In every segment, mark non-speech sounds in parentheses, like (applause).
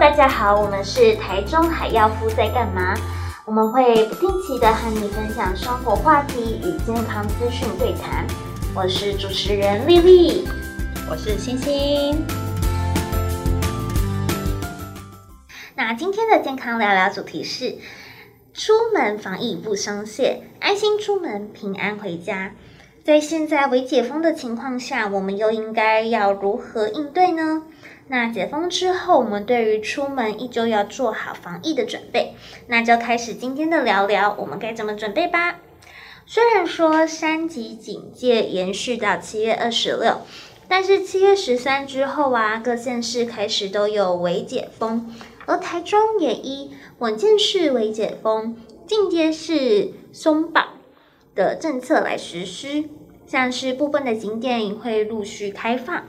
大家好，我們是台中海藥夫在幹嘛？我們會不定期的和你分享生活話題與健康資訊對談。我是主持人麗麗，我是星星。那今天的健康聊聊主題是：出門防疫不鬆懈，安心出門平安回家。在現在微解封的情況下，我們又應該要如何應對呢？那解封之後，我們對於出門依舊要做好防疫的準備。那就開始今天的聊聊，我們該怎麼準備吧？雖然說三級警戒延續到七月二十六，但是七月十三之後啊，各縣市開始都有微解封，而台中也依穩健式微解封、進階式鬆綁的政策來實施，像是部分的景點也會陸續開放。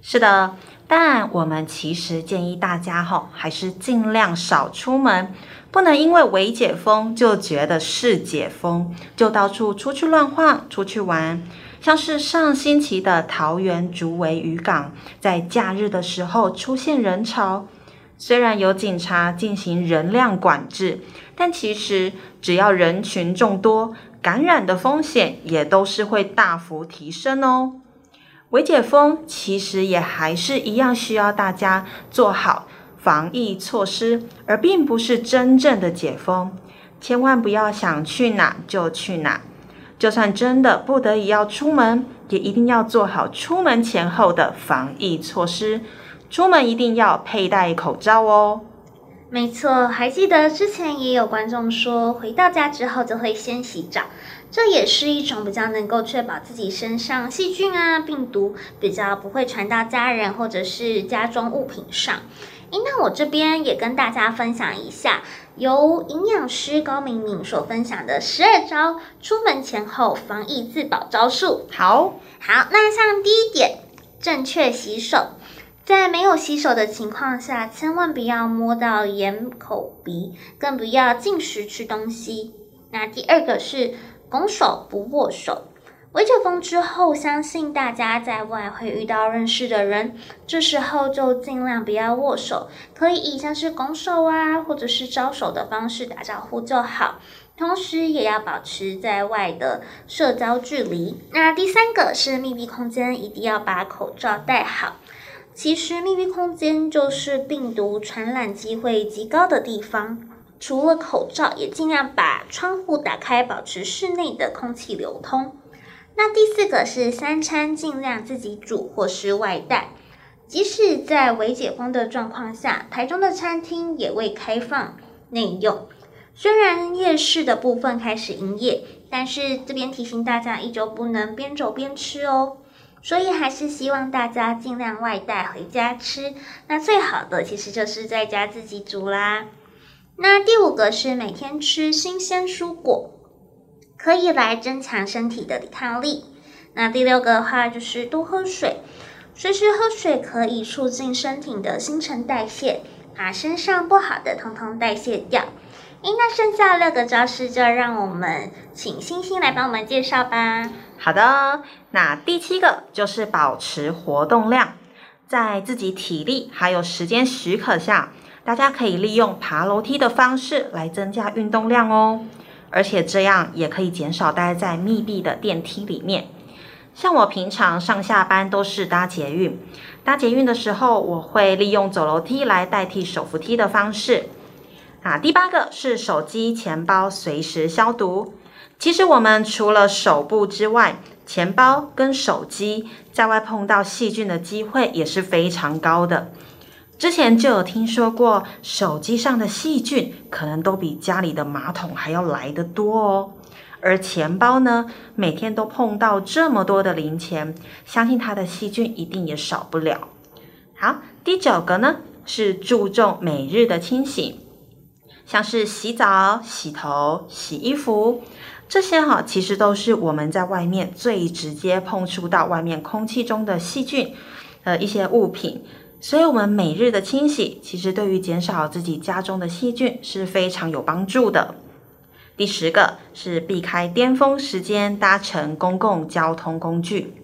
是的。但我們其實建議大家齁，還是盡量少出門，不能因為微解封就覺得是解封，就到處出去亂晃、出去玩。像是上星期的桃園竹圍漁港，在假日的時候出現人潮，雖然有警察進行人量管制，但其實只要人群眾多，感染的風險也都是會大幅提升哦。微解封，其實也還是一樣需要大家做好防疫措施，而並不是真正的解封。千萬不要想去哪就去哪，就算真的不得已要出門，也一定要做好出門前後的防疫措施。出門一定要佩戴口罩哦。沒錯，還記得之前也有觀眾說，回到家之後就會先洗澡。這也是一種比較能夠確保自己身上細菌啊、病毒比較不會傳到家人或者是家中物品上。哎，那我這邊也跟大家分享一下，由營養師高敏敏所分享的十二招出門前後防疫自保招數。好，好，那像第一點，正確洗手，在沒有洗手的情況下，千萬不要摸到眼、口、鼻，更不要進食吃東西。那第二個是。拱手不握手。微解封之後，相信大家在外會遇到認識的人，這時候就盡量不要握手，可以以像是拱手啊，或者是招手的方式打招呼就好。同時也要保持在外的社交距離。那第三個是密閉空間，一定要把口罩戴好。其實密閉空間就是病毒傳染機會極高的地方。除了口罩，也盡量把窗戶打開，保持室內的空氣流通。那第四個是三餐盡量自己煮或是外帶，即使在微解封的狀況下，台中的餐廳也未開放內用。雖然夜市的部分開始營業，但是這邊提醒大家依舊不能邊走邊吃哦。所以還是希望大家盡量外帶回家吃。那最好的其實就是在家自己煮啦。那第五個是每天吃新鮮蔬果，可以來增強身體的抵抗力。那第六個的話就是多喝水，隨時喝水可以促進身體的新陳代謝，把身上不好的通通代謝掉。那剩下六個招式就讓我們請星星來幫我們介紹吧。好的，那第七個就是保持活動量，在自己體力還有時間許可下，大家可以利用爬樓梯的方式來增加運動量哦，而且這樣也可以減少待在密閉的電梯裡面。像我平常上下班都是搭捷運，搭捷運的時候，我會利用走樓梯來代替手扶梯的方式。啊，第八個是手機、錢包隨時消毒。其實我們除了手部之外，錢包跟手機在外碰到細菌的機會也是非常高的。之前就有聽說過，手機上的細菌可能都比家裡的馬桶還要來得多哦。而錢包呢，每天都碰到這麼多的零錢，相信它的細菌一定也少不了。好，第九個呢，是注重每日的清洗，像是洗澡、洗頭、洗衣服，這些哈其實都是我們在外面最直接碰觸到外面空氣中的細菌，呃一些物品。所以，我們每日的清洗其實對於減少自己家中的細菌是非常有幫助的。第十個是避開巔峰時間搭乘公共交通工具，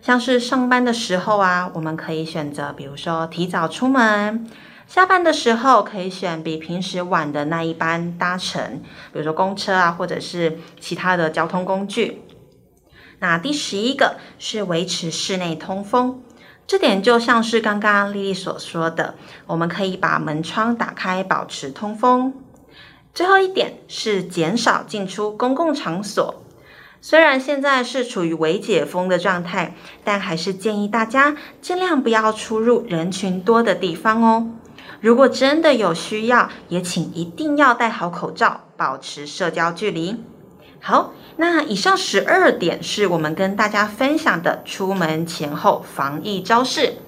像是上班的時候啊，我們可以選擇，比如說提早出門；下班的時候可以選比平時晚的那一班搭乘，比如說公車啊，或者是其他的交通工具。那第十一個是維持室內通風。這點就像是剛剛麗麗所說的，我們可以把門窗打開，保持通風。最後一點是減少進出公共場所。雖然現在是處於微解封的狀態，但還是建議大家儘量不要出入人群多的地方哦。如果真的有需要，也請一定要戴好口罩，保持社交距離。好，那以上十二點是我們跟大家分享的出門前後防疫招式。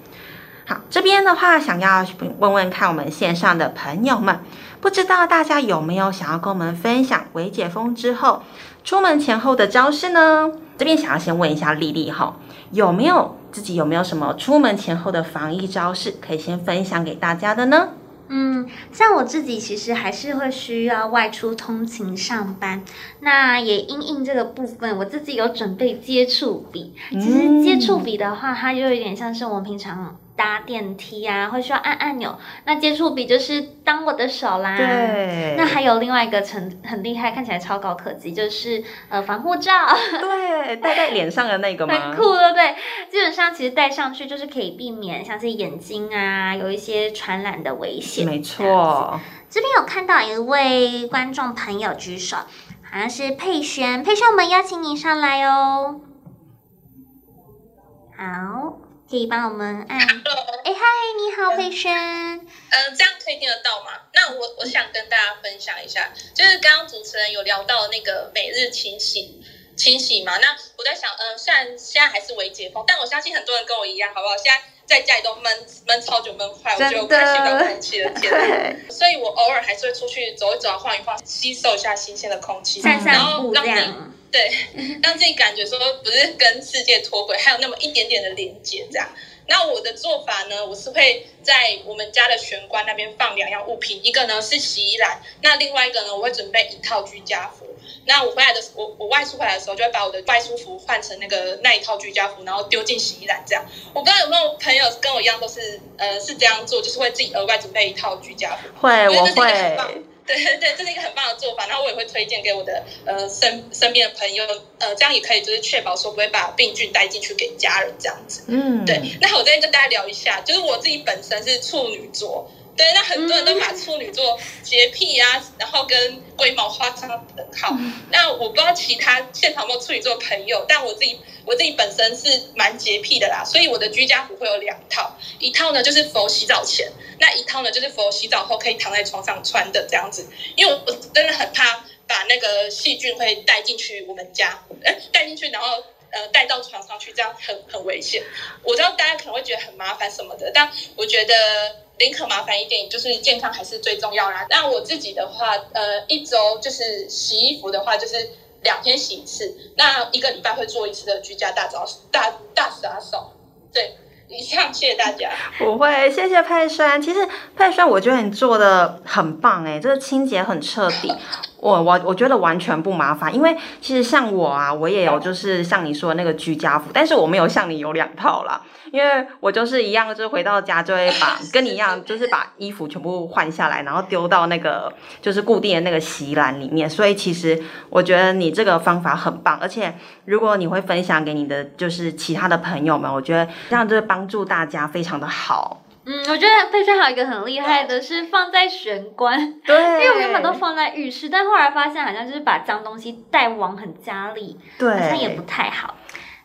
好，這邊的話，想要問問看我們線上的朋友們，不知道大家有沒有想要跟我們分享微解封之後出門前後的招式呢？這邊想要先問一下麗麗哈，有沒有自己有沒有什麼出門前後的防疫招式可以先分享給大家的呢？嗯，像我自己其實還是會需要外出通勤上班，那也因應這個部分，我自己有準備接觸筆。其實接觸筆的話，嗯，它就有點像是我們平常哦。搭電梯啊，會需要按按鈕。那接觸筆就是當我的手啦。對。那還有另外一個很很厲害，看起來超高科技，就是呃防護罩。對，戴在臉上的那個嘛。很酷的，對不對？基本上其實戴上去就是可以避免，像是眼睛啊，有一些傳染的危險。沒錯這。這邊有看到一位觀眾朋友舉手，好像是佩璇。佩璇我們邀請你上來哦。好。可以幫我們按。哎嗨 Hello.，hi, 你好，慧生。嗯，這樣可以聽得到嗎？那我我想跟大家分享一下，就是剛剛主持人有聊到那個每日清洗、清洗嘛。那我在想，嗯、呃，雖然現在還是未解封，但我相信很多人跟我一樣，好不好？現在在家裡都悶悶超久悶快，悶壞的，我就開始搞空氣了，天。對。所以我偶爾還是會出去走一走、啊、晃一晃，吸收一下新鮮的空氣，嗯、然後步、嗯、這對，讓自己感覺說不是跟世界脫軌，還有那麽一點點的連接這樣。那我的做法呢，我是會在我們家的玄關那邊放兩樣物品，一個呢是洗衣籃，那另外一個呢，我會準備一套居家服。那我回來的時候，我我外出回來的時候，就會把我的外出服換成那個那一套居家服，然後丟進洗衣籃這樣。我不知道有沒有朋友跟我一樣，都是呃是這樣做，就是會自己額外準備一套居家服。會，我會。對，對對，這是一個很棒的做法，然後我也會推薦給我的呃身身邊的朋友，呃，這樣也可以就是確保說不會把病菌帶進去給家人這樣子。嗯，對。那我再跟大家聊一下，就是我自己本身是處女座。對，那很多人都把處女座潔癖啊，然後跟龜毛劃上等號。那我不知道其他現場有沒有處女座朋友，但我自己我自己本身是蠻潔癖的啦，所以我的居家服會有兩套，一套呢就是佛洗澡前，那一套呢就是佛洗澡後可以躺在床上穿的這樣子，因為我真的很怕把那個細菌會帶進去我們家，哎，帶進去然後。呃，帶到床上去，這樣很很危險。我知道大家可能會覺得很麻煩什麼的，但我覺得寧可麻煩一點，就是健康還是最重要啦、啊。那我自己的話，呃，一周就是洗衣服的話，就是兩天洗一次。那一個禮拜會做一次的居家大掃大大大手。對，以上謝謝大家。不會，謝謝派山。其實派山，我覺得你做得很棒哎、欸，這、就、個、是、清潔很徹底。 (laughs) 我我我覺得完全不麻煩，因為其實像我啊，我也有就是像你說那個居家服，但是我沒有像你有兩套啦，因為我就是一樣，就是回到家就會把跟你一樣，就是把衣服全部換下來，然後丟到那個就是固定的那個洗衣籃裡面。所以其實我覺得你這個方法很棒，而且如果你會分享給你的就是其他的朋友們，我覺得這樣就是幫助大家非常的好。嗯，我覺得佩萱還有一個很厲害的是放在玄關，對，因為我原本都放在浴室，對但後來發現好像就是把髒東西帶往很家裡，對，好像也不太好。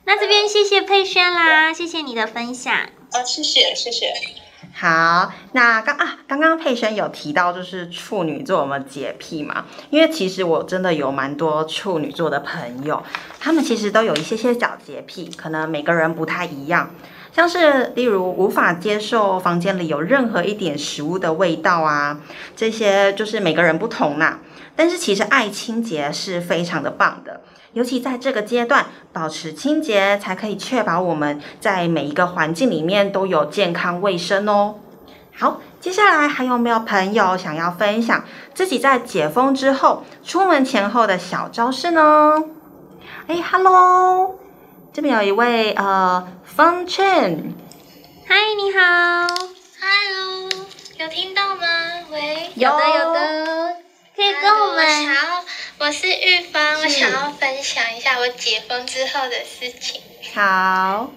那這邊謝謝佩萱啦，對謝謝你的分享。啊，謝謝謝謝。好，那剛啊，剛剛佩萱有提到就是處女座我們潔癖嘛，因為其實我真的有蠻多處女座的朋友，他們其實都有一些些小潔癖，可能每個人不太一樣。像是例如無法接受房間裡有任何一點食物的味道啊，這些就是每個人不同啊。但是其實愛清潔是非常的棒的，尤其在這個階段，保持清潔才可以確保我們在每一個環境裡面都有健康衛生哦。好，接下來還有沒有朋友想要分享自己在解封之後出門前後的小招式呢？哎，Hello。這邊有一位呃，方、uh, 倩。嗨，你好。Hello。有聽到嗎？喂。Yo, 有，的有的，有的。可以跟我們。好。我是玉芳，是我想要分享一下我解封之後的事情。好。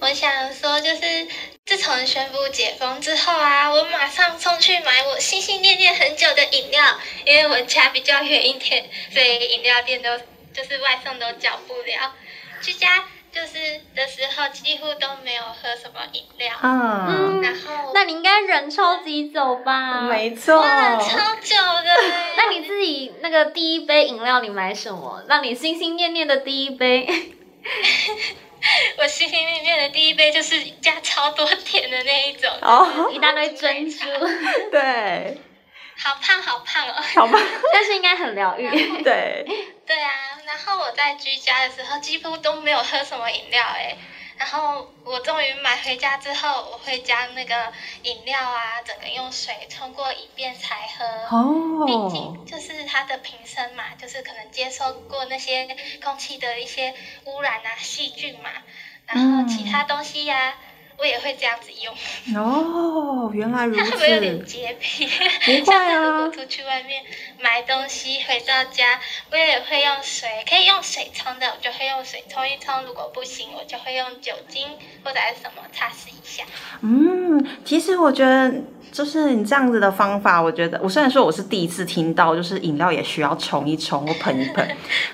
我想說，就是自從宣佈解封之後啊，我馬上衝去買我心心念念很久的飲料，因為我家比較遠一點，所以飲料店都就是外送都叫不了。居家就是的時候，幾乎都沒有喝什麼飲料。嗯，然後那你應該忍超級久吧？沒錯，忍超久的。 (laughs) 那你自己那個第一杯飲料你買什麼？讓你心心念念的第一杯。 (laughs) 我心心念念的第一杯就是加超多甜的那一種，哦、一大堆珍珠。胖 (laughs) 對，好胖好胖哦，好胖，但是應該很療癒。 (laughs) 後對，對啊。然後我在居家的時候，幾乎都沒有喝什麼飲料哎、欸，然後我終於買回家之後，我會將那個飲料啊整個用水沖過一遍才喝。哦、oh.，畢竟就是它的瓶身嘛，就是可能接受過那些空氣的一些污染啊、細菌嘛，然後其他東西呀、啊。Mm. 我也會這樣子用哦，原來如此。 (laughs) 我有點潔癖，啊、 (laughs) 像那個，比如去外面買東西，回到家，我也會用水，可以用水沖的，我就會用水沖一沖。如果不行，我就會用酒精或者是什麼擦拭一下。嗯，其實我覺得。就是你這樣子的方法，我覺得我雖然說我是第一次聽到，就是飲料也需要沖一沖或噴一噴，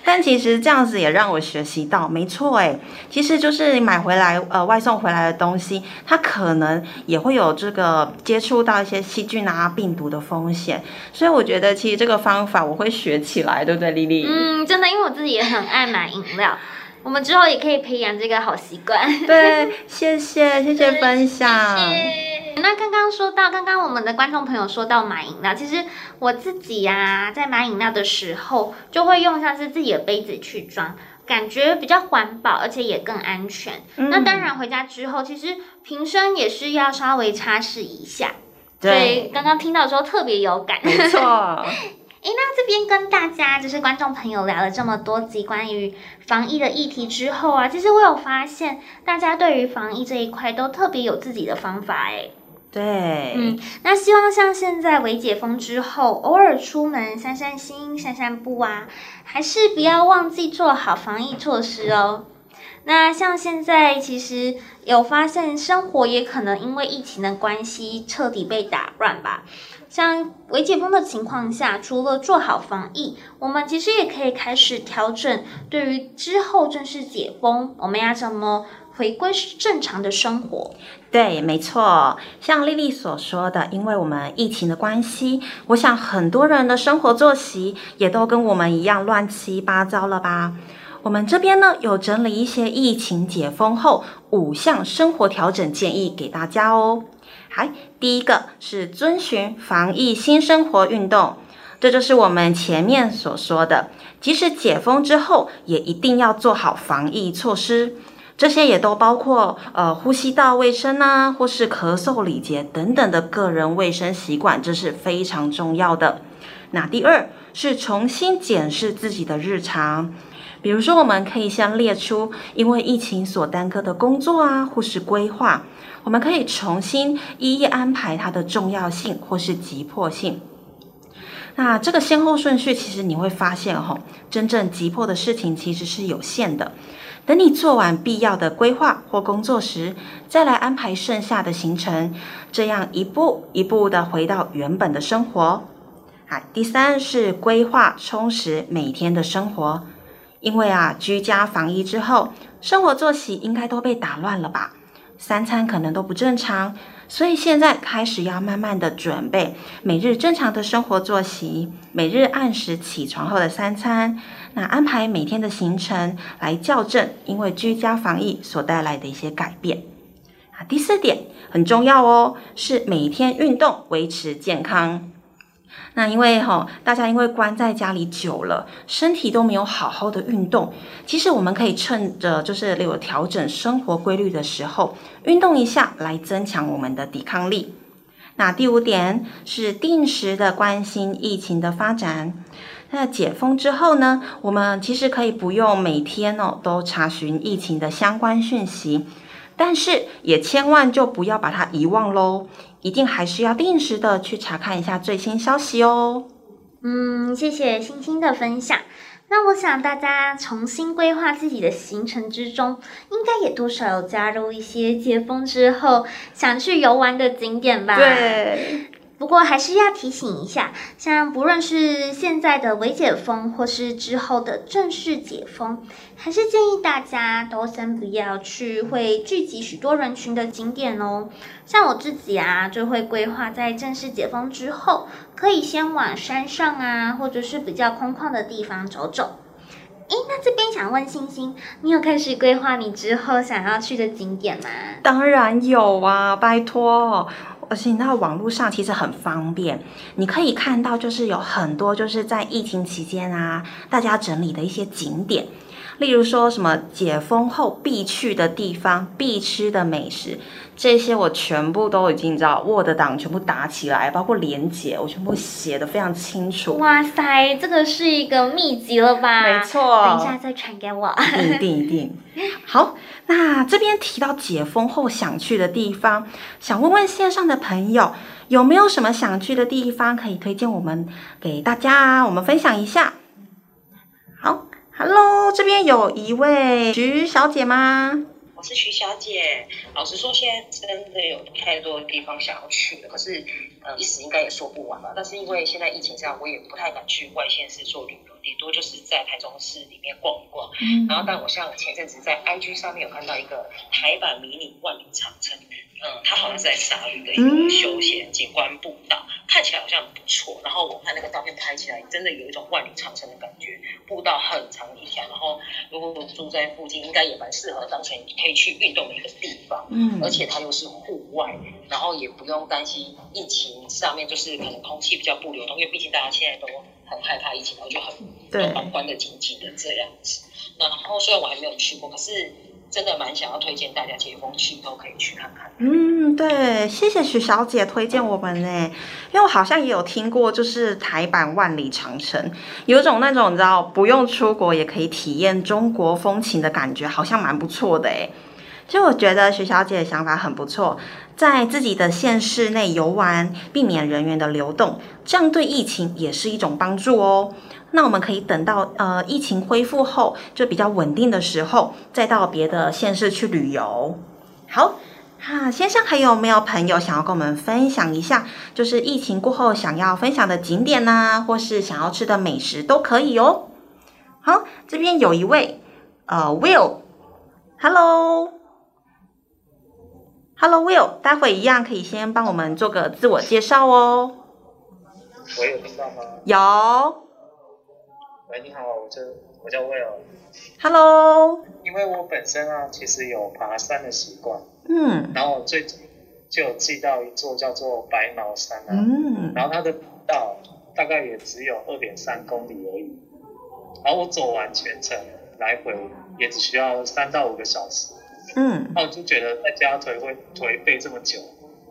但其實這樣子也讓我學習到，沒錯哎，其實就是你買回來呃外送回來的東西，它可能也會有這個接觸到一些細菌啊病毒的風險，所以我覺得其實這個方法我會學起來，對不對，麗麗？嗯，真的，因為我自己也很愛買飲料， (laughs) 我們之後也可以培養這個好習慣。對，謝謝，謝謝分享。那剛剛說到，剛剛我們的觀眾朋友說到買飲料，其實我自己呀、啊，在買飲料的時候就會用像是自己的杯子去裝，感覺比較環保，而且也更安全。嗯、那當然回家之後，其實瓶身也是要稍微擦拭一下。對，剛剛聽到之後特別有感。沒錯、 (laughs) 欸、那這邊跟大家就是觀眾朋友聊了這麼多集關於防疫的議題之後啊，其實我有發現大家對於防疫這一塊都特別有自己的方法誒、欸對，嗯，那希望像現在微解封之後，偶爾出門散散心，散散步啊，還是不要忘記做好防疫措施哦。那像現在其實有發現，生活也可能因為疫情的關係徹底被打亂吧。像微解封的情況下，除了做好防疫，我們其實也可以開始調整，對於之後正式解封，我們要怎麼回歸正常的生活？對，沒錯。像莉莉所說的，因為我們疫情的關係，我想很多人的生活作息也都跟我們一樣亂七八糟了吧？我們這邊呢，有整理一些疫情解封後五項生活調整建議給大家哦。嗨，第一個是遵循防疫新生活運動，這就是我們前面所說的，即使解封之後，也一定要做好防疫措施。這些也都包括呃呼吸道衛生啊，或是咳嗽禮節等等的個人衛生習慣，這是非常重要的。那第二是重新檢視自己的日常，比如說我們可以先列出因為疫情所耽擱的工作啊，或是規劃。我們可以重新一一安排它的重要性或是急迫性。那這個先後順序，其實你會發現，哦，吼，真正急迫的事情其實是有限的。等你做完必要的規劃或工作時，再來安排剩下的行程，這樣一步一步地回到原本的生活。啊，第三是規劃充實每天的生活，因為啊，居家防疫之後，生活作息應該都被打亂了吧。三餐可能都不正常，所以現在開始要慢慢的準備每日正常的生活作息，每日按時起床後的三餐，那安排每天的行程來校正，因為居家防疫所帶來的一些改變。啊，第四點很重要哦，是每天運動維持健康。那因為哈、哦，大家因為關在家裡久了，身體都沒有好好的運動。其實我們可以趁着就是有調整生活規律的時候，運動一下來增強我們的抵抗力。那第五點是定時的關心疫情的發展。那解封之後呢，我們其實可以不用每天哦都查詢疫情的相關訊息，但是也千萬就不要把它遺忘嘍。一定還是要定時的去查看一下最新消息哦。嗯，謝謝星星的分享。那我想大家重新規劃自己的行程之中，應該也多少有加入一些解封之後想去遊玩的景點吧？對。不過還是要提醒一下，像不論是現在的微解封，或是之後的正式解封，還是建議大家都先不要去會聚集許多人群的景點哦。像我自己啊，就會規劃在正式解封之後，可以先往山上啊，或者是比較空曠的地方走走。哎，那這邊想問星星，你有開始規劃你之後想要去的景點嗎？當然有啊，拜托。而且你知道，網絡上其實很方便，你可以看到，就是有很多，就是在疫情期間啊，大家整理的一些景點。例如說什麼解封後必去的地方、必吃的美食，這些我全部都已經知道。Word 檔全部打起來，包括連結，我全部寫得非常清楚。哇塞，這個是一個秘籍了吧？沒錯，等一下再傳給我。一定一定，定。好，那這邊提到解封後想去的地方，想問問線上的朋友有沒有什麼想去的地方可以推薦我們給大家，我們分享一下。Hello，這邊有一位徐小姐嗎？我是徐小姐。老實說，現在真的有太多地方想要去了，可是，呃、嗯，一時應該也說不完吧。但是因為現在疫情這樣，我也不太敢去外縣市做旅遊，頂多就是在台中市裡面逛一逛。嗯、然後，但我像前陣子在 IG 上面有看到一個台版迷你萬里長城。嗯，它好像是在沙鹿的一個休閒、嗯、景觀步道，看起來好像很不錯。然後我看那個照片拍起來，真的有一種萬里長城的感覺，步道很長一條。然後如果住在附近，應該也蠻適合當成你可以去運動的一個地方。嗯，而且它又是戶外，然後也不用擔心疫情上面，就是可能空氣比較不流通，因為畢竟大家現在都很害怕疫情，然後就很把門關的緊緊的這樣子。那然後雖然我還沒有去過，可是。真的蠻想要推薦大家解封期都可以去看看。嗯，對，謝謝徐小姐推薦我們呢，因為我好像也有聽過，就是台版萬里長城，有種那種你知道不用出國也可以體驗中國風情的感覺，好像蠻不錯的誒，其實我覺得徐小姐的想法很不錯，在自己的縣市內遊玩，避免人員的流動，這樣對疫情也是一種幫助哦。那我們可以等到呃疫情恢復後，就比較穩定的時候，再到別的縣市去旅遊。好，哈、啊、先生，還有沒有朋友想要跟我們分享一下，就是疫情過後想要分享的景點呢？啊或是想要吃的美食都可以哦。好，這邊有一位呃 Will，Hello，Hello Will，待會一樣可以先幫我們做個自我介紹哦。我有聽到嗎？有。喂，你好，我叫我叫 w i 哈嘍，h e l l o 因為我本身啊，其實有爬山的習慣，嗯，然後我最近就有記到一座叫做白毛山啊，嗯，然後它的道大概也只有二點三公里而已，然後我走完全程來回也只需要三到五個小時，嗯，那我就覺得在家頹廢頹廢這麼久，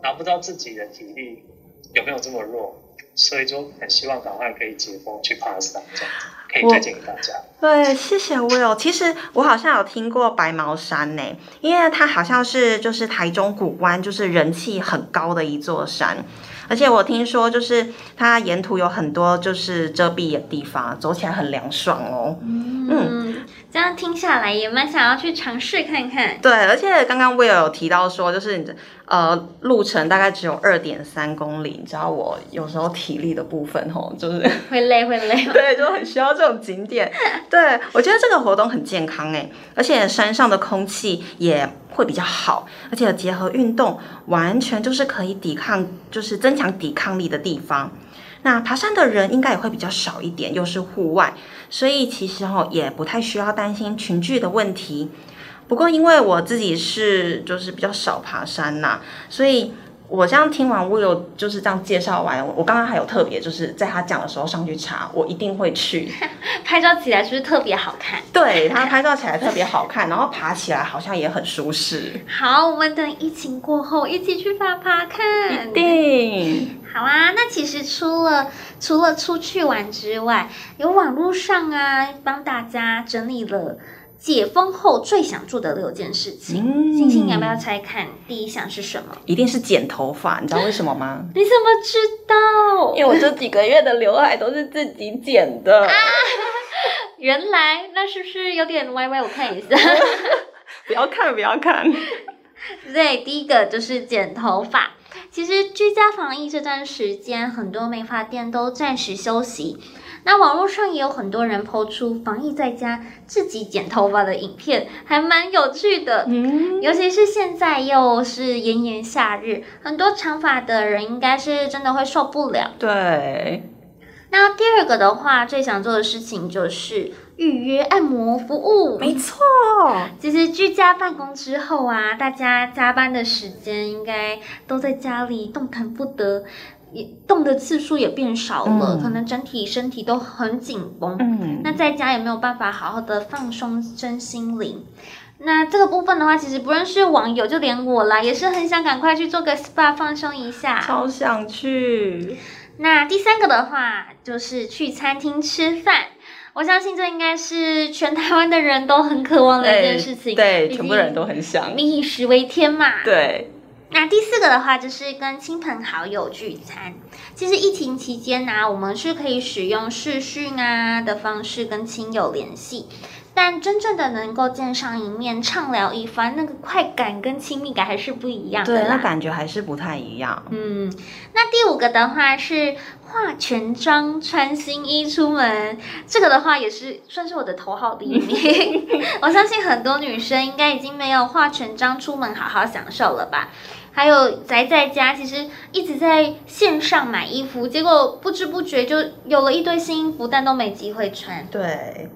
然後不知道自己的體力有沒有這麼弱。所以就很希望趕快可以解封去爬山，這樣可以推薦給大家。Oh, 對，謝謝 Will。其實我好像有聽過白毛山呢。欸，因為它好像是就是台中谷關就是人氣很高的一座山。而且我聽說就是它沿途有很多就是遮蔽的地方，走起來很涼爽哦。Mm. 嗯。這樣聽下來也蠻想要去嘗試看看。對，而且剛剛 Will 有提到說，就是你的呃路程大概只有二點三公里，你知道我有時候體力的部分吼、哦，就是會累會累。會累哦、對，就很需要這種景點。 (laughs) 對，我覺得這個活動很健康誒，而且山上的空氣也會比較好，而且結合運動，完全就是可以抵抗，就是增強抵抗力的地方。那爬山的人應該也會比較少一點，又是戶外。所以其實哈也不太需要擔心群聚的問題，不過因為我自己是就是比較少爬山吶、啊，所以。我這樣聽完，我有就是這樣介紹完。我剛剛還有特別，就是在他講的時候上去查，我一定會去。 (laughs) 拍照起來是不是特別好看？對，他拍照起來特別好看， (laughs) 然後爬起來好像也很舒適。好，我們等疫情過後一起去爬爬看。肯定。好啊，那其實除了除了出去玩之外，有網絡上啊幫大家整理了。解封後最想做的六件事情，嗯、星星，你要不要猜看？第一項是什麼？一定是剪頭髮，你知道為什麼嗎？ (laughs) 你怎麼知道？因為我這幾個月的劉海都是自己剪的，啊。原來，那是不是有點歪歪？我看一下， (laughs) (laughs) 不要看，不要看。 (laughs) 對，第一個就是剪頭髮。其實居家防疫這段時間，很多美髮店都暫時休息。那網絡上也有很多人拋出防疫在家自己剪頭髮的影片，還蠻有趣的。嗯，尤其是現在又是炎炎夏日，很多長髮的人應該是真的會受不了。對。那第二個的話，最想做的事情就是預約按摩服務。沒錯，其實居家辦公之後啊，大家加班的時間應該都在家裡動彈不得。也動的次數也變少了，嗯、可能整體身體都很緊繃。嗯，那在家也沒有辦法好好的放鬆身心靈。那這個部分的話，其實不論是網友就連我啦，也是很想趕快去做個 spa 放鬆一下。超想去。那第三個的話就是去餐廳吃飯，我相信這應該是全台灣的人都很渴望的一件事情。對，全部人都很想。民以食為天嘛。對。那第四個的話就是跟親朋好友聚餐，其實疫情期間呢、啊，我們是可以使用視訊啊的方式跟親友聯繫，但真正的能夠見上一面，暢聊一番，那個快感跟親密感還是不一樣的。對，那感覺還是不太一樣。嗯，那第五個的話是化全妝、穿新衣出門，這個的話也是算是我的頭號第一名。 (laughs) 我相信很多女生應該已經沒有化全妝出門好好享受了吧。還有宅在家，其實一直在線上買衣服，結果不知不覺就有了一堆新衣服，但都沒機會穿。對，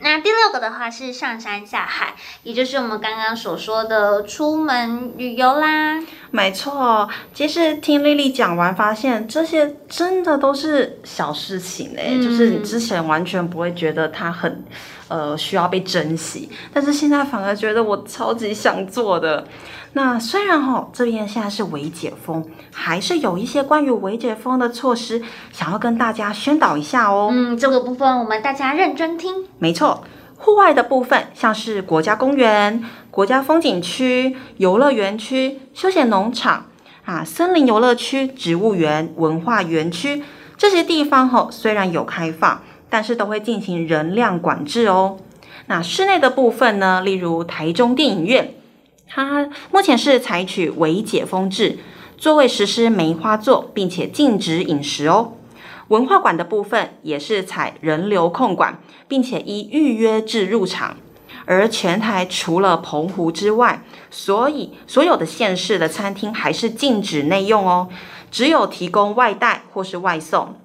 那第六個的話是上山下海，也就是我們剛剛所說的出門旅遊啦。沒錯，其實聽麗麗講完，發現這些真的都是小事情誒、欸，嗯、就是你之前完全不會覺得它很，呃，需要被珍惜，但是現在反而覺得我超級想做的。那雖然哈、喔、這邊現在是微解封，還是有一些關於微解封的措施，想要跟大家宣導一下哦、喔。嗯，這個部分我們大家認真聽。沒錯，戶外的部分，像是國家公園。國家風景區、遊樂園區、休閒農場啊、森林遊樂區、植物園、文化園區這些地方哈哦，雖然有開放，但是都會進行人量管制哦。那室內的部分呢，例如台中電影院，它目前是採取微解封制，座位實施梅花座，並且禁止飲食哦。文化館的部分也是採人流控管，並且依預約制入場。而全台除了澎湖之外，所以所有的縣市的餐廳還是禁止內用哦，只有提供外帶或是外送。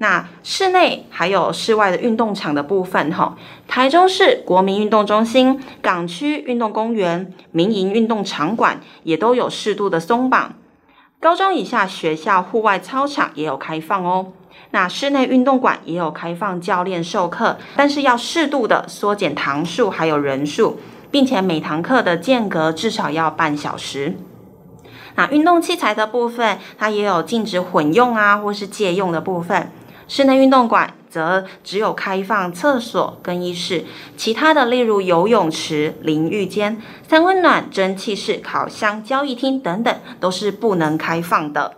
那室內還有室外的運動場的部分，吼，台中市國民運動中心、港區運動公園、民營運動場館也都有適度的鬆綁，高中以下學校戶外操場也有開放哦。那室內運動館也有開放教練授課，但是要適度的縮減堂數還有人數，並且每堂課的間隔至少要半小時。那運動器材的部分，它也有禁止混用啊，或是借用的部分。室內運動館則只有開放廁所、更衣室，其他的例如游泳池、淋浴間、三溫暖、蒸汽室、烤箱、交誼廳等等，都是不能開放的。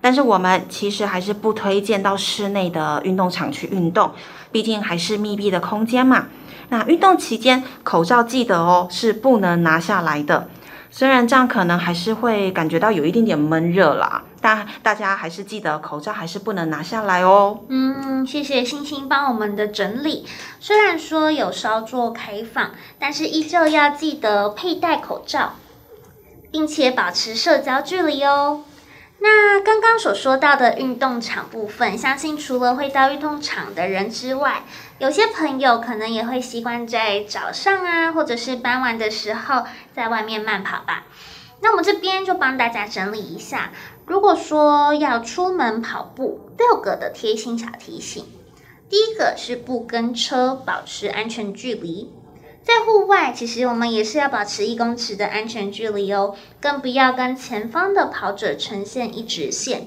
但是我們其實還是不推薦到室內的運動場去運動，畢竟還是密閉的空間嘛。那運動期間口罩記得哦，是不能拿下來的。雖然這樣可能還是會感覺到有一點點悶熱啦，但大家還是記得口罩還是不能拿下來哦。嗯，謝謝星星幫我們的整理。雖然說有稍作開放，但是依舊要記得佩戴口罩，並且保持社交距離哦。那剛剛所說到的運動場部分，相信除了會到運動場的人之外，有些朋友可能也會習慣在早上啊，或者是傍晚的時候在外面慢跑吧。那我們這邊就幫大家整理一下，如果說要出門跑步，六個的貼心小提醒。第一個是不跟車，保持安全距離。在戶外，其實我們也是要保持一公尺的安全距離哦，更不要跟前方的跑者呈現一直線，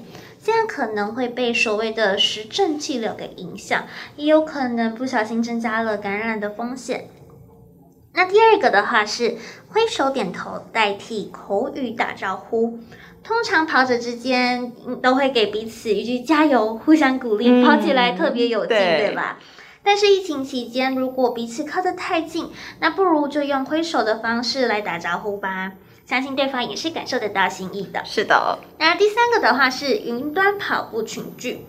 這樣可能會被所謂的實證氣流給影響，也有可能不小心增加了感染的風險。那第二個的話是揮手點頭代替口語打招呼，通常跑者之間都會給彼此一句加油，互相鼓勵，跑起來特別有勁，嗯、對，對吧？但是疫情期間，如果彼此靠得太近，那不如就用揮手的方式來打招呼吧。相信對方也是感受得到心意的。是的。那第三個的話是雲端跑步群聚。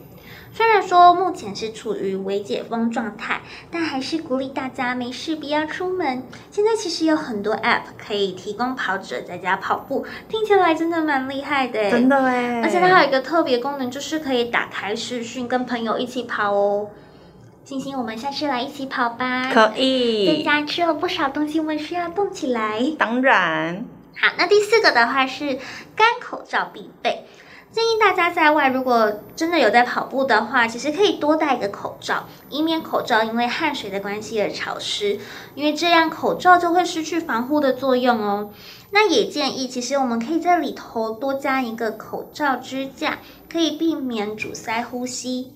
雖然說目前是處於微解封狀態，但還是鼓勵大家沒事不要出門。現在其實有很多 App 可以提供跑者在家跑步，聽起來真的蠻厲害的。真的誒。而且它有一個特別功能，就是可以打開視訊，跟朋友一起跑哦。星星，我們下次來一起跑吧。可以。在家吃了不少東西，我們需要動起來。當然。好，那第四個的話是乾口罩必備，建議大家在外如果真的有在跑步的話，其實可以多戴一個口罩，以免口罩因為汗水的關係而潮濕，因為這樣口罩就會失去防護的作用哦。那也建議，其實我們可以在裡頭多加一個口罩支架，可以避免阻塞呼吸。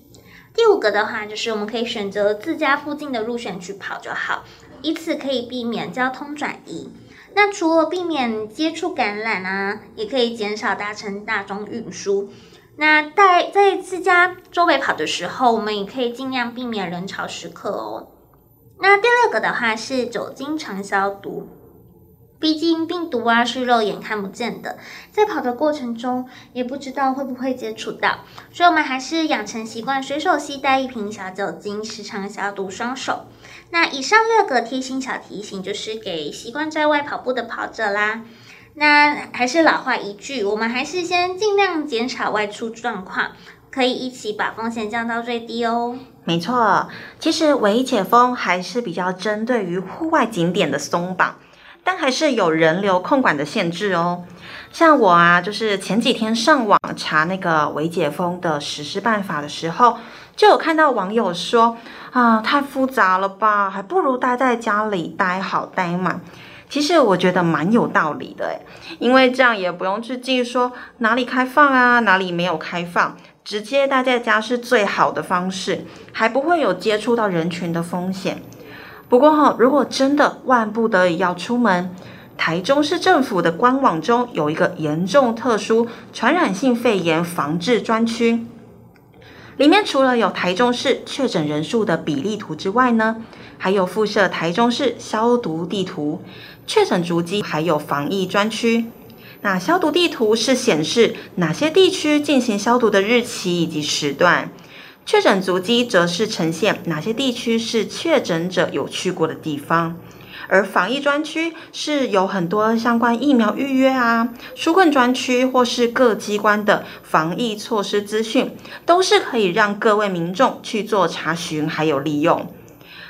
第五個的話，就是我們可以選擇自家附近的路線，去跑就好，以此可以避免交通轉移。那除了避免接觸感染啊，也可以減少搭乘大眾運輸。那在在自家周圍跑的時候，我們也可以盡量避免人潮時刻哦。那第二個的話是酒精常消毒。畢竟病毒啊是肉眼看不見的，在跑的過程中也不知道會不會接觸到，所以我們還是養成習慣，隨手攜帶一瓶小酒精，時常消毒雙手。那以上六個貼心小提醒，就是給習慣在外跑步的跑者啦。那還是老話一句，我們還是先盡量減少外出狀況，可以一起把風險降到最低哦。沒錯，其實微解封還是比較針對於戶外景點的鬆綁。但還是有人流控管的限制哦。像我啊，就是前幾天上網查那個“微解封”的實施辦法的時候，就有看到網友說：“啊，太複雜了吧，還不如待在家裡待好待滿。”其實我覺得蠻有道理的誒，因為這樣也不用去記說哪裡開放啊，哪裡沒有開放，直接待在家是最好的方式，還不會有接觸到人群的風險。不過哈、哦，如果真的萬不得已要出門，台中市政府的官網中有一個嚴重特殊傳染性肺炎防治專區，裡面除了有台中市確診人數的比例圖之外呢，還有附設台中市消毒地圖、確診足跡，還有防疫專區。那消毒地圖是顯示哪些地區進行消毒的日期以及時段。確診足迹則是呈現哪些地區是確診者有去過的地方，而防疫專區是有很多相關疫苗預約啊、紓困專區或是各機關的防疫措施資訊，都是可以讓各位民眾去做查詢還有利用。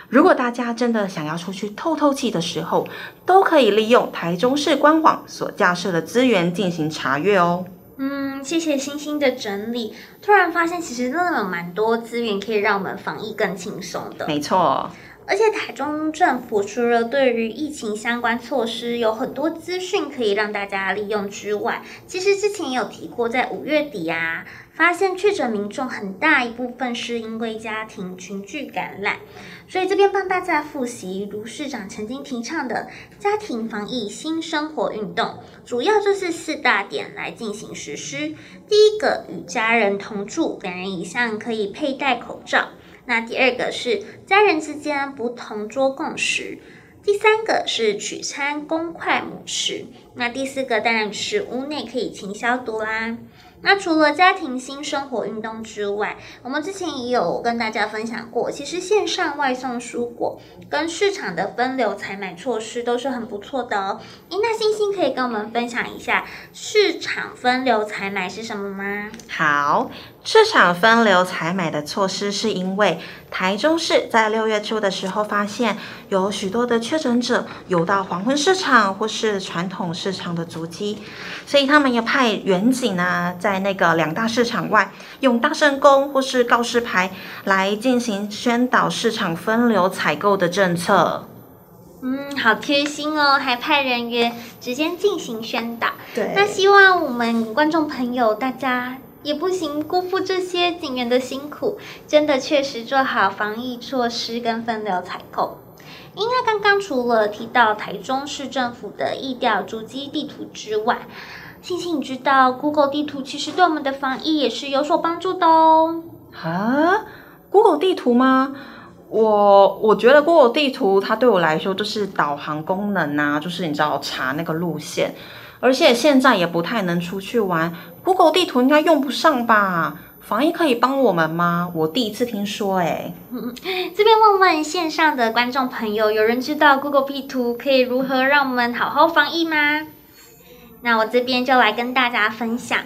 如果大家真的想要出去透透氣的時候，都可以利用台中市官網所架設的資源進行查閱哦。嗯，謝謝星星的整理。突然發現，其實真的有蠻多資源可以讓我們防疫更輕鬆的。沒錯。而且台中政府除了對於疫情相關措施有很多資訊可以讓大家利用之外，其實之前也有提過，在五月底啊，發現確診民眾很大一部分是因為家庭群聚感染，所以這邊幫大家複習，盧市長曾經提倡的家庭防疫新生活運動，主要就是四大點來進行實施。第一個，與家人同住，兩人以上可以佩戴口罩。那第二個是家人之間不同桌共食，第三個是取餐公筷母匙，那第四個當然是屋內可以勤消毒啦、啊。那除了家庭新生活運動之外，我們之前也有跟大家分享過，其實線上外送蔬果跟市場的分流採買措施都是很不錯的哦。哎，那星星可以跟我們分享一下市場分流採買是什麼嗎？好，市場分流採買的措施是因為台中市在六月初的時候發現有許多的確診者有到黃昏市場或是傳統市場的足跡，所以他們也派員警呢在。在那個兩大市場外，用大聲公或是告示牌來進行宣導市場分流採購的政策。嗯，好貼心哦，還派人員直接進行宣導。對，那希望我們觀眾朋友大家也不行辜負這些警員的辛苦，真的確實做好防疫措施跟分流採購。因為剛剛除了提到台中市政府的疫調足跡地圖之外。欣欣，你知道 Google 地圖其實對我們的防疫也是有所幫助的哦。啊，Google 地圖嗎？我我覺得 Google 地圖它對我來說就是導航功能啊，就是你知道查那個路線，而且現在也不太能出去玩，Google 地圖應該用不上吧？防疫可以幫我們嗎？我第一次聽說欸。誒，嗯，這邊問問線上的觀眾朋友，有人知道 Google 地圖可以如何讓我們好好防疫嗎？那我這邊就來跟大家分享，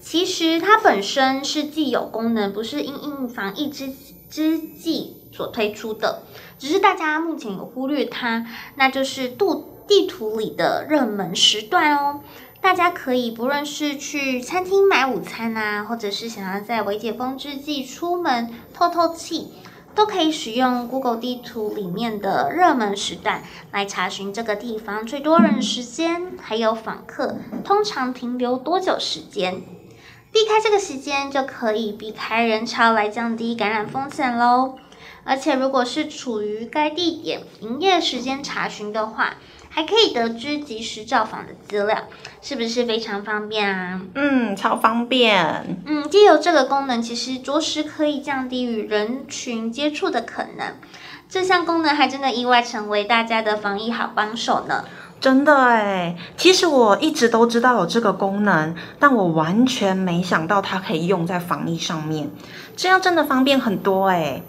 其實它本身是既有功能，不是因應防疫之之際所推出的，只是大家目前有忽略它，那就是度地圖裡的熱門時段哦。大家可以不論是去餐廳買午餐啊，或者是想要在微解封之際出門透透氣。都可以使用 Google 地圖裡面的熱門時段來查詢這個地方最多人時間，還有訪客通常停留多久時間。避開這個時間就可以避開人潮來降低感染風險嘍。而且如果是處於該地點營業時間查詢的話。還可以得知即時造訪的資料，是不是非常方便啊？嗯，超方便。嗯，借由這個功能，其實着實可以降低與人群接觸的可能。這項功能還真的意外成為大家的防疫好幫手呢。真的耶，其實我一直都知道有這個功能，但我完全沒想到它可以用在防疫上面。這樣真的方便很多耶。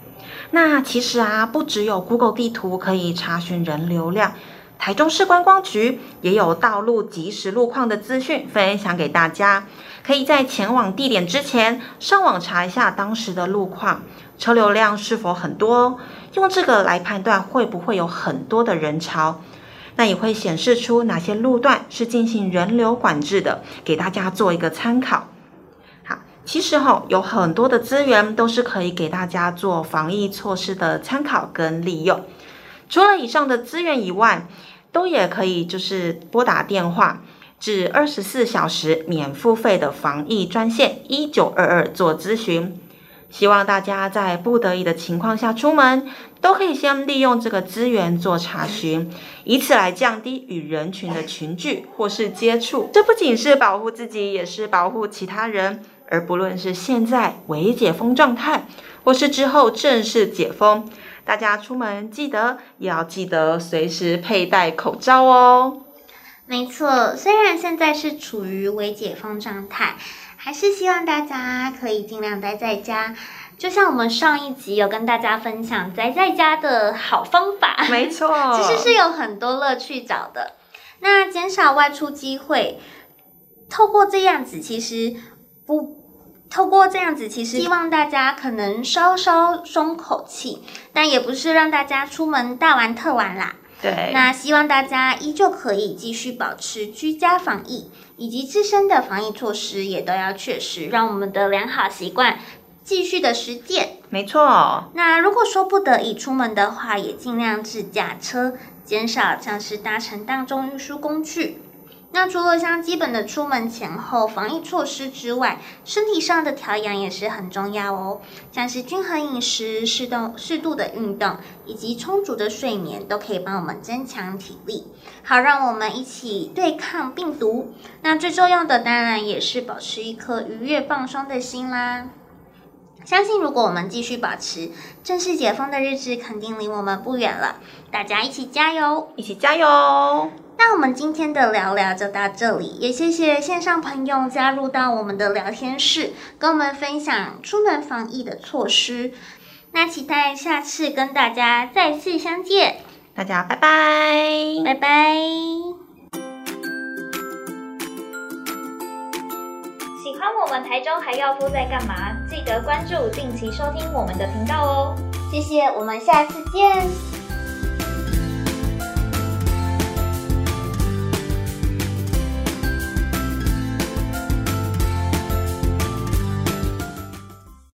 那其實啊，不只有 Google 地圖可以查詢人流量。台中市觀光局也有道路即時路況的資訊分享給大家，可以在前往地點之前上網查一下當時的路況，車流量是否很多哦，用這個來判斷會不會有很多的人潮，那也會顯示出哪些路段是進行人流管制的，給大家做一個參考。好，其實哈哦，有很多的資源都是可以給大家做防疫措施的參考跟利用，除了以上的資源以外。都也可以，就是撥打電話至二十四小時免付費的防疫專線一九二二做諮詢。希望大家在不得已的情況下出門，都可以先利用這個資源做查詢，以此來降低與人群的群聚或是接觸。這不僅是保護自己，也是保護其他人。而不論是現在未解封狀態，或是之後正式解封，大家出門記得也要記得隨時佩戴口罩哦。沒錯，雖然現在是處於微解封狀態，還是希望大家可以儘量待在家。就像我們上一集有跟大家分享宅在家的好方法，沒錯，其實是有很多樂趣找的。那減少外出機會，透過這樣子，其實不。透過這樣子，其實希望大家可能稍稍鬆、鬆口氣，但也不是讓大家出門大玩特玩啦。對，那希望大家依舊可以繼續保持居家防疫，以及自身的防疫措施也都要確實，讓我們的良好習慣繼續的實踐。沒錯、哦，那如果說不得已出門的話，也儘量自駕車，減少像是搭乘大眾運輸工具。那除了像基本的出門前後防疫措施之外，身體上的調養也是很重要哦。像是均衡飲食、適度適度的運動以及充足的睡眠，都可以幫我們增強體力。好，讓我們一起對抗病毒。那最重要的當然也是保持一顆愉悅放鬆的心啦。相信如果我們繼續保持，正式解封的日子肯定離我們不遠了。大家一起加油，一起加油！那我們今天的聊聊就到這裡，也謝謝線上朋友加入到我們的聊天室，跟我們分享出門防疫的措施。那期待下次跟大家再次相見，大家拜拜，拜拜。拜拜。喜歡我們台中還要夫在幹嘛？記得關注，定期收聽我們的頻道哦。謝謝，我們下次見。